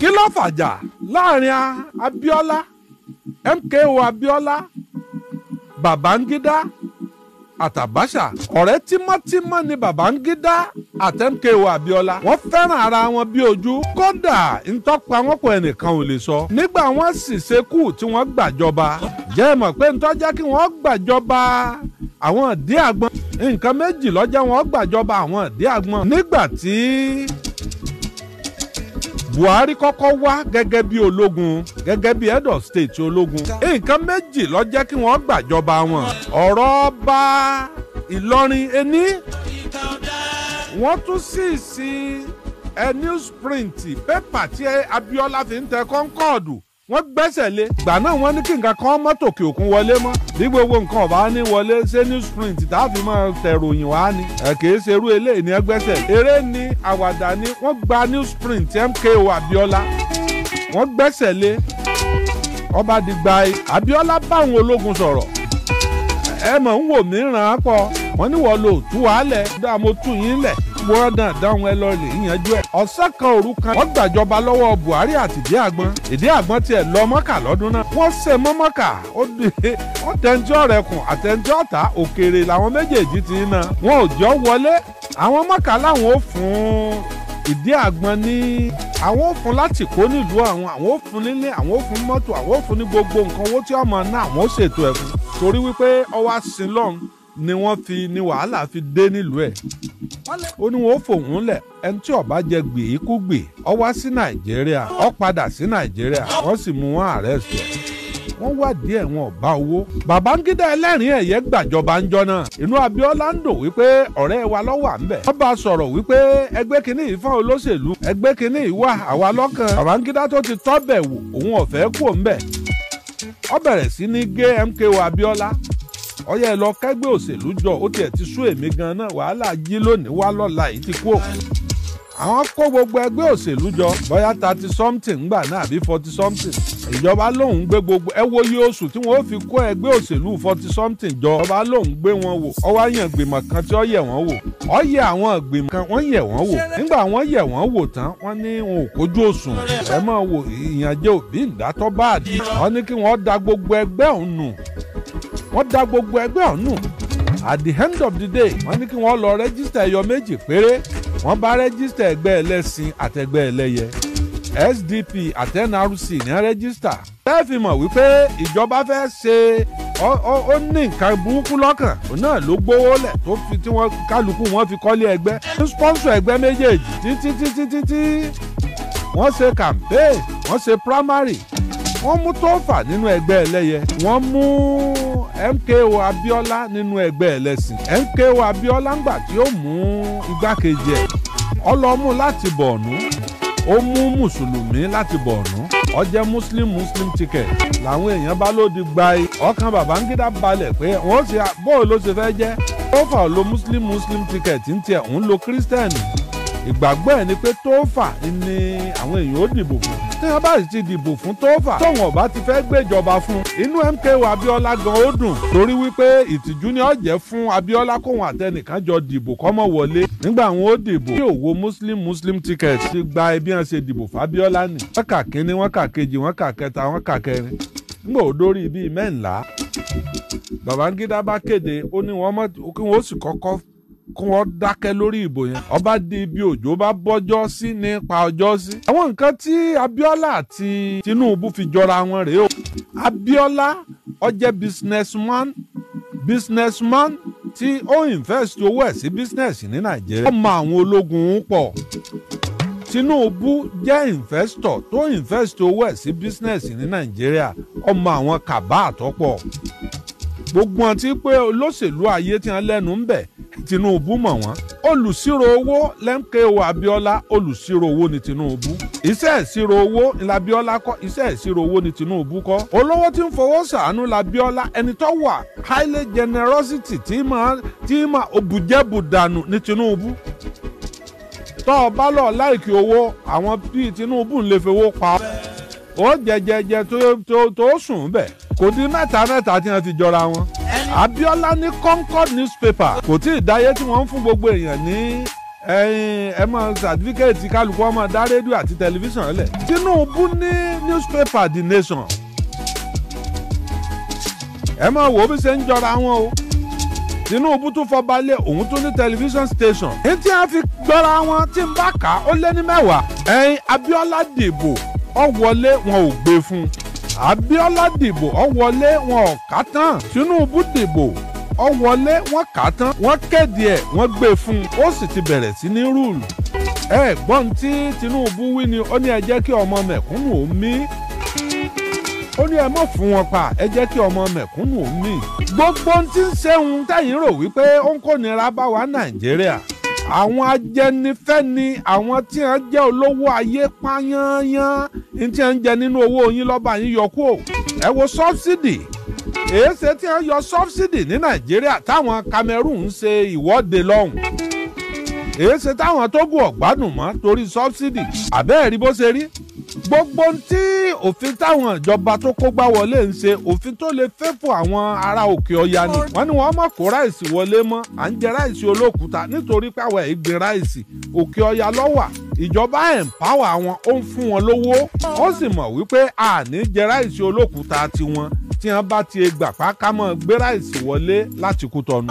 kí ló fàjà láàrin Abíọ́lá MKO Abíọ́lá Babangida àtàbáṣà ọ̀rẹ́ tímọ́tímọ́ ni Babangida àti MKO Abíọ́lá wọ́n fẹ́ràn ara wọn bí ojú kódà ntọ́pa wọn kò ẹnìkan ò lè sọ nígbà wọ́n sì ṣekú tí wọ́n gbàjọba jẹ́ ẹ mọ̀ pé ntọ́já kí wọ́n gbàjọba àwọn ìdí àgbọn nǹkan méjì lọ́jà wọ́n gbàjọba àwọn ìdí àgbọn nígbà tí. buhari kọ́kọ́ wá gẹ́gẹ́ bí ológun gẹ́gẹ́ bí head of state ológun nǹkan méjì ló jẹ́ kí wọ́n gbàjọba wọn ọ̀rọ̀ bá ìlọrin ẹni wọ́n tún sì sí ẹ newsprint pépà tí abiola fi ń tẹ kọ́ńkọ́ọ̀dù wọ́n gbẹ́sẹ̀ lé gbà náà wọ́n ní kí nǹkan kan mọ́ tòkè òkun wọlé mọ́ bí gbogbo nǹkan ọ̀bá ní wọlé ṣé newsprint tààfin máa tẹ̀ròyìn wá ni kìí ṣe irú eléyìí ní ẹgbẹ́sẹ̀ eré ni àwàdà ni wọ́n gba newsprint MKO Abiola wọ́n gbẹ́sẹ̀ lé ọba dìgbà Abiola báwọn ológun sọ̀rọ̀ ẹ mọ̀ ń wò mí ràn án pọ̀ wọ́n ní wọ́n lò tú wàálẹ̀ dáa mo tú yín lẹ̀ wọ́n dàn dáhùn ẹ lọ rè yanjú ẹ̀. Ọ̀sẹ̀ kan òru kan wọ́n gbàjọba lọ́wọ́ Buhari àti ìdí àgbọn ìdí àgbọn tiẹ̀ lọ mọ́kà lọ́dún náà wọ́n ṣe mọ́ mọ́kà ó dé wọ́n tẹ̀ntẹ́ ọ̀rẹ́kùn àtẹ̀ntẹ́ ọ̀tá òkèèrè làwọn méjèèjì ti ń na wọn ò jọ wọlé àwọn mọ́kà làwọn ò fún un ìdí àgbọn ní àwọn ò fún láti kó nílùú àwọn àwọn ò fún nílé àwọn ò fún mọ́tò àwọn ò fún ní gbogbo nǹkan owó tí ọmọ náà àwọn ò ṣètò ẹ̀ fún torí wípé ọwọ́ àsìnlọ́run ni wọ́n fi ni wàhálà fi dé nílùú ẹ̀ ó ní wọn ó fòun lẹ̀ ẹni tí ọba jẹ gbèé kú gbèé ó wá sí nàìjíríà ó padà sí nàìjíríà wọ́n sì mú wọn àrẹ́sì ẹ̀. wọ́n wà díẹ̀ wọn ò bá owó. Babangida ẹlẹ́rìn ẹ̀yẹ́ gbàjọba ń náà inú Abiola ń wípé ọ̀rẹ́ wa ló wà ńbẹ̀. wọ́n bá sọ̀rọ̀ wípé ẹgbẹ́ kínní ìfọ́n olóṣèlú ẹgbẹ́ kínní ìwà àwa lọ́kàn tó ti wò ọ̀fẹ́ kú bẹ̀rẹ̀ sí ní gé MKO Abiola ọyẹ àwọn kó gbogbo ẹgbẹ́ òṣèlú jọ bóyá thirty something ńgbà náà àbí forty something ìjọba lòun gbé gbogbo ẹ wo iye oṣù tí wọn ó fi kó ẹgbẹ́ òṣèlú forty something jọ ìjọba lòun gbé wọn wò ọwọ́ àyàn gbìmọ̀ kan tí ó yẹ̀ wọ́n wò ó yẹ àwọn gbìmọ̀ kan wọ́n yẹ wọ́n wò nígbà wọ́n yẹ̀ wọ́n wò tán wọ́n ní wọn ò kójú òṣùn ẹ máa wo ìyànjẹ òbí ìdátọ́ báàdì wọ́n ní kí wọ́n da gbogbo ẹgbẹ́ ọ̀hún nù wọ́n da gbogbo ẹgbẹ́ ọ̀hún at the end of the day wọ́n ní kí wọ́n lọ rẹ́gísítà ẹyọ méjì péré wọ́n bá rẹ́gísítà ẹgbẹ́ ẹlẹ́sìn àtẹgbẹ́ ẹlẹ́yẹ SDP àtẹnarúsì ní rẹ́gísítà tẹ́ fi mọ̀ wípé ìjọba fẹ́ ṣe ó ní nǹkan burúkú lọ́kàn náà ló gbówó lẹ̀ tó fi tí wọ́n kálukú wọ́n fi kọ́lé ẹgbẹ́ ní sponsor ẹgbẹ́ méjèèjì títí títí títí wọ́n ṣe campaign wọ́n ṣe primary wọ́n mú Tófà nínú ẹgbẹ́ ẹlẹ́yẹ wọ́n mú MKO Abiola nínú ẹgbẹ́ ẹlẹ́sìn MKO Abiola ńgbà tí ó mú igbákejì ẹ̀ ọlọ́mú láti Bọ̀ọ̀nú ó mú mùsùlùmí láti Bọ̀ọ̀nú ó muslim muslim ticket làwọn èèyàn bá ló di gbai ọkàn Babangida balẹ̀ pé wọ́n ṣe bóòlù ló ṣe fẹ́ jẹ́ Tófà lo muslim muslim ticket ń tiẹ̀ ń lo kírísítẹ́nì ìgbàgbọ́ ẹ̀ ni pé Tófà ni àwọn èèyàn ó dìbò fún tí Herbert ti dìbò fún Tófà tóun ọ̀bá ti fẹ́ gbéjọba fún inú MKO Abíọ́lá gan ó dùn torí wípé ìtìjú ni ó jẹ́ fún Abíọ́lá kóun àtẹnìkan jọ dìbò kọ́mọ wọlé nígbà wọn ó dìbò tí òwò Muslim Muslim ticket ti gba ẹbí hàn ṣe dìbò fábíọ́lá nì wọ́n kà kínní wọ́n kà kejì wọ́n kà kẹta wọ́n kà kẹrin nígbà ó dórí bíi mẹ́ńlá Babangida bá kéde ó ní wọ́n mọ̀ kí wọ́n ó sì kọ́kọ́ kí wọ́n dákẹ́ lórí ìbò yẹn ọba dé ibi òjò bá bọ́jọ́ sí nípa ọjọ́ sí. àwọn nǹkan tí Abiola àti Tinubu fi jọra wọn rèé o Abiola ó businessman businessman tí ó invest owó ẹ̀ sí business ní Nàìjíríà ó mọ àwọn ológun pọ̀ Tinubu jẹ́ investor tó invest owó ẹ̀ sí business ní Nàìjíríà ó mọ àwọn kàbá àtọ́pọ̀ gbogbo wọn ti pé olóṣèlú ayé tí wọn lẹ́nu ń bẹ̀ Tinubu mọ̀ wọ́n olùsírò owó lẹ́ńkẹ́wò Abíọ́lá olùsírò owó ni Tinubu iṣẹ́ ìṣirò owó ni Abíọ́lá kọ́ iṣẹ́ ìṣirò owó ni Tinubu kọ́ olówó tí ń fowó ṣàánú Abíọ́lá ẹni tó wà highly generosity tí mà tí mà òbújẹ́bù dànù ni Tinubu tọ́ ọ bá lọ láìkí owó àwọn bíi Tinubu ń lè fowó pa ó jẹjẹjẹ tó tó sùn bẹ́ẹ̀ kò dín mẹ́ta mẹ́ta tí wọ́n ti jọra wọn. Abiola ní Concord newspaper kò tí ì dáyé tí wọ́n ń fún gbogbo èèyàn ní ẹ mọ sàtífíkẹ́ẹ̀tì kálukú ọmọ dá rédíò àti tẹlifíṣàn lẹ̀ Tinubu ní newspaper The Nation ẹ mọ wò ó bí ṣe ń jọra wọn o Tinubu tún fọba òun tún ní tẹlifíṣàn station ní tí a fi gbọ́ra wọn tí n bá kà á ó lé ní mẹ́wàá ẹ̀yin Abiola dìbò ọ wọlé wọn ò gbé fún un. abiola dìbò ọ wọlé wọn ò ká tán Tinubu dìbò ọ wọlé wọn ká tán wọ́n kéde ẹ̀ wọ́n gbé e fún un ó sì ti bẹ̀rẹ̀ sí ní rúùlù ẹ gbọ́n tí Tinubu wí ni ó ní ẹ jẹ́ kí ọmọ mẹ̀kúnnù ó mí ó ní ẹ mọ̀ fún wọn pa ẹ jẹ́ kí ọmọ mẹ̀kúnnù ó gbogbo ohun tí ń ṣe ń tẹ̀yìn rò wípé ó ń kó nira bá wa Nàìjíríà. àwọn ajẹnifẹ́ni àwọn tí wọ́n jẹ́ olówó ayé pányányán ní tí wọ́n ń jẹ nínú owó yín lọ́ba yín yọ kúrò ẹ wo sọ́bsidì èéṣe tí wọ́n yọ sọ́bsidì ní nàìjíríà táwọn Cameroon ń ṣe ìwọ́de lọ́hùn èéṣe táwọn Togo ọ̀gbádùn mọ́ torí sọ́bsidì àbẹ́ẹ̀rí bó ṣe rí gbogbo tí òfin táwọn ìjọba tó kógbá wọlé ń ṣe òfin tó lè fẹ́fù àwọn ará òkè ọya ni wọ́n ní wọ́n mọ̀ kó ráìsì wọlé mọ́ à ń jẹ ráìsì olókùúta nítorí pàwọ̀ ìgbìn ráìsì òkè ọya lọ́wà ìjọba ẹ̀ǹpáwà wọn ó ń fún wọn lówó ó sì mọ̀ wípé à ní jẹ ráìsì olókùúta tiwọn tí wọ́n bá ti gbà pákámọ́ gbé ráìsì wọlé láti Kútọ̀nù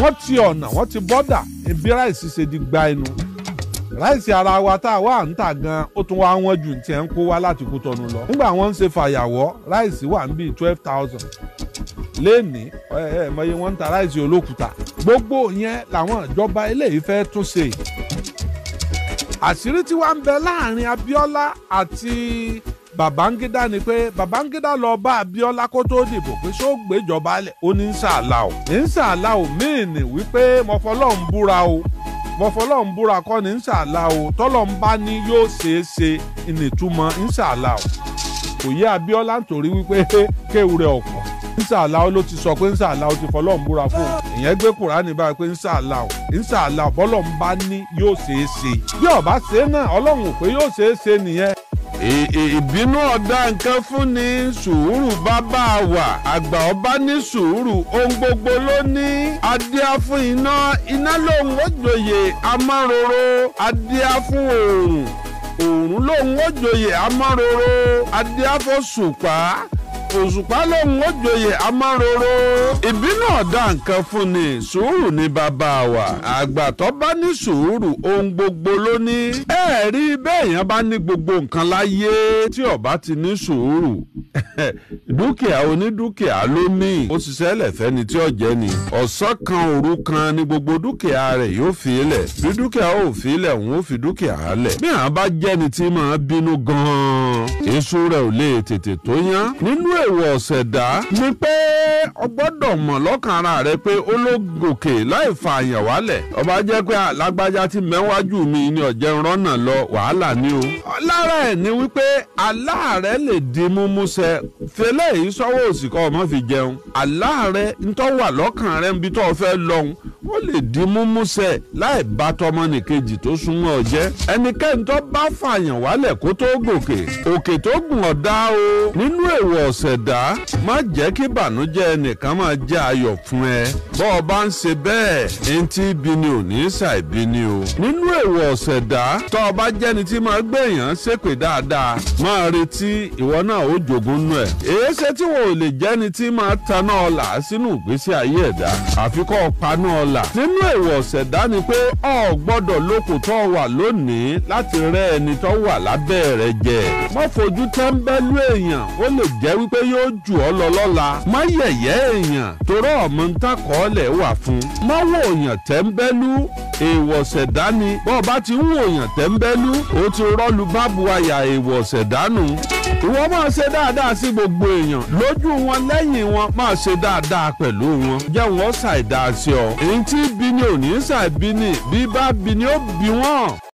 wọ́n ti ọ̀nà wọ́n ti bọ́dà ìbí ráìsì ṣe di gba ẹnu ráìsì ara wa tá a wà ń tà gan ó tún wá wọ́n ju tiẹ̀ ń kó wá láti kó tọnu lọ nígbà wọ́n ń ṣe fàyàwọ́ ráìsì wà ń bíi twelve thousand lẹ́ẹ̀ni ẹ ẹ mọye wọ́n ń ta ráìsì olókùúta gbogbo yẹn làwọn ìjọba eléyìí fẹ́ tún ṣe àṣírí tí wàá ń bẹ láàrin Abíọ́lá àti Babangida ni pé Babangida lọ bá Abíọ́lá kó tó dìbò pé ṣó gbéjọba lẹ̀ ó ní ń ṣàlà ò ní ń ṣàlà ò míì ní wípé mọ̀fọ́lọ́ ń búra o mọ̀fọ́lọ́ ń búra kọ́ ní ńṣàlá o tọ́lọ̀ ń bá ní yóò ṣeé ṣe ìnìtumọ̀ ńṣàlá o kò yé Abíọ́lá nítorí wípé kéwù rẹ̀ ọ̀pọ̀ ńṣàlá o ló ti sọ pé ńṣàlá o ti fọlọ́ ń búra fún un ìyẹn gbé Kùránì báyìí pé ńṣàlá o ńṣàlá o bọ́lọ̀ ń bá ní yóò ṣeé ṣe bí ọ̀bá ṣe náà Ọlọ́run ò pé yóò ṣeé ṣe nìyẹn ìbínú ọ̀dà nǹkan fún ni sùúrù bàbá wà àgbà ọba ní sùúrù ohun gbogbo ló ní adíá fún iná iná lòun ó jòyè amáròró adíá fún òòrùn òòrùn lòun ó jòyè amáròró adíá fún sùpá òṣùpá lòun ó joyè amáròró ìbínú ọ̀dà nǹkan fún ni sùúrù ni bàbá wa àgbà tó bá ní sùúrù ohun gbogbo ló ní ẹ rí bẹ́ẹ̀yàn bá ní gbogbo nǹkan láyé tí ó ti ní sùúrù dúkìá onídúkìá ló ní òṣìṣẹ́ lẹ̀fẹ́ ni tí ọ̀jẹ́ ni ọ̀sán kan òru kan ni gbogbo dúkìá rẹ̀ yóò fi ilẹ̀ bí dúkìá ò fi ilẹ̀ òun ó fi dúkìá lẹ̀ bí àwọn bá jẹ́ni tí máa bínú gan-an èso rẹ̀ ò lè tètè tó yán nínú ẹ̀ èèwọ̀ ṣẹ̀dá ni pé o gbọ́dọ̀ mọ̀ lọ́kàn ara rẹ pé ó ló gòkè láì fa àyàn wálẹ̀ ọba jẹ́ pé alágbájá ti mẹ́wájú mi ni ọ̀jẹ̀ ń lọ wàhálà ni o. lára ẹ̀ ni wípé aláàárẹ̀ lè di mímú fẹlẹ́ yìí sọ́wọ́ fi jẹun ntọ́ wà lọ́kàn rẹ fẹ́ di mímú láì bá tó súnmọ́ ẹnikẹ́ni tó bá wálẹ̀ kó tó gòkè òkè tó gùn ọ̀dá o nínú èèwọ̀ ẹ̀dá má jẹ́ kí bànújẹ́ ẹnìkan máa jẹ́ ayọ̀ fún ẹ bọ́ bá ń ṣe bẹ́ẹ̀ ẹni ni ò ní ṣàìbí ni o nínú èèwọ̀ ọ̀sẹ̀dá tọ́ ọ bá jẹ́ni tí máa gbé ṣépè dáadáa máa retí ìwọ náà ó jogún nù ẹ̀ èyí ṣe tí lè jẹ́ni tí máa taná sínú ìgbésí ayé ẹ̀dá àfikọ́ paná nínú èèwọ̀ ni pé o gbọ́dọ̀ lóko tó yóò jù ọ́ lọ lọ́la má yẹ̀yẹ́ èèyàn torọ́ ọmọ wà fún má wò èèyàn tẹ́ńbẹ́lú èèwọ̀ ṣẹ̀dání bọ́ ọ bá ti ń wò èèyàn tẹ́ńbẹ́lú ó ti rọ́lu bábu àyà èèwọ̀ ṣẹ̀dánù ìwọ máa ṣe dáadáa sí gbogbo èèyàn lójú wọn lẹ́yìn wọn máa ṣe dáadáa pẹ̀lú wọn jẹ́ wọn ṣàìdá sí ọ èyí tí bí ò ní ṣàìbí bí bá bí ó bí wọn.